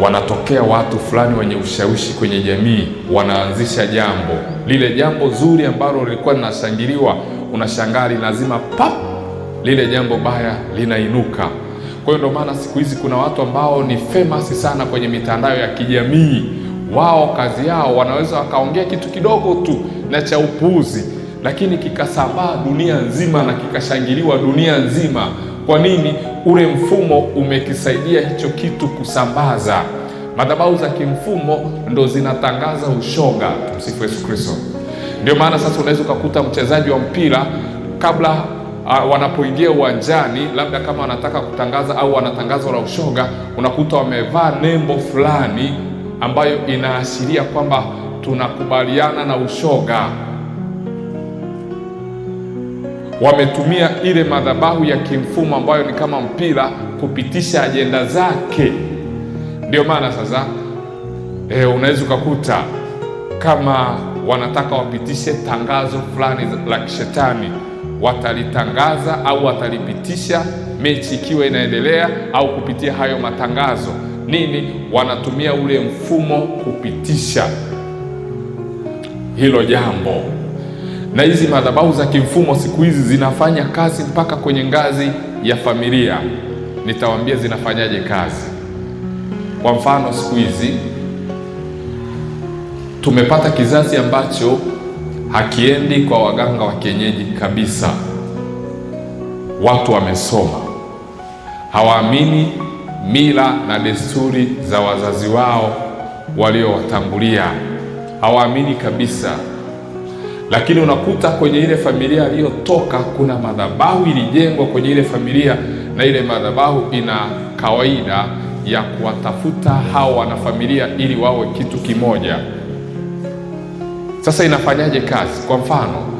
wanatokea watu fulani wenye ushawishi kwenye jamii, wanaanzisha jambo lile, jambo zuri ambalo lilikuwa linashangiliwa, unashangaa linazima pap, lile jambo baya linainuka. Kwa hiyo ndio maana siku hizi kuna watu ambao ni famous sana kwenye mitandao ya kijamii. Wao kazi yao wanaweza wakaongea kitu kidogo tu na cha upuuzi, lakini kikasambaa dunia nzima na kikashangiliwa dunia nzima. Kwa nini? Ule mfumo umekisaidia hicho kitu kusambaza. Madhabahu za kimfumo ndo zinatangaza ushoga. msifu Yesu Kristo. Ndio maana sasa unaweza ukakuta mchezaji wa mpira kabla Uh, wanapoingia uwanjani labda kama wanataka kutangaza au wanatangazo la ushoga, unakuta wamevaa nembo fulani ambayo inaashiria kwamba tunakubaliana na ushoga wametumia ile madhabahu ya kimfumo ambayo ni kama mpira kupitisha ajenda zake. Ndio maana sasa e, unaweza ukakuta kama wanataka wapitishe tangazo fulani la kishetani, watalitangaza au watalipitisha mechi ikiwa inaendelea au kupitia hayo matangazo nini, wanatumia ule mfumo kupitisha hilo jambo na hizi madhabahu za kimfumo siku hizi zinafanya kazi mpaka kwenye ngazi ya familia. Nitawaambia zinafanyaje kazi. Kwa mfano, siku hizi tumepata kizazi ambacho hakiendi kwa waganga wa kienyeji kabisa. Watu wamesoma, hawaamini mila na desturi za wazazi wao waliowatangulia, hawaamini kabisa. Lakini unakuta kwenye ile familia aliyotoka kuna madhabahu ilijengwa kwenye ile familia, na ile madhabahu ina kawaida ya kuwatafuta hao wanafamilia ili wawe kitu kimoja. Sasa inafanyaje kazi? Kwa mfano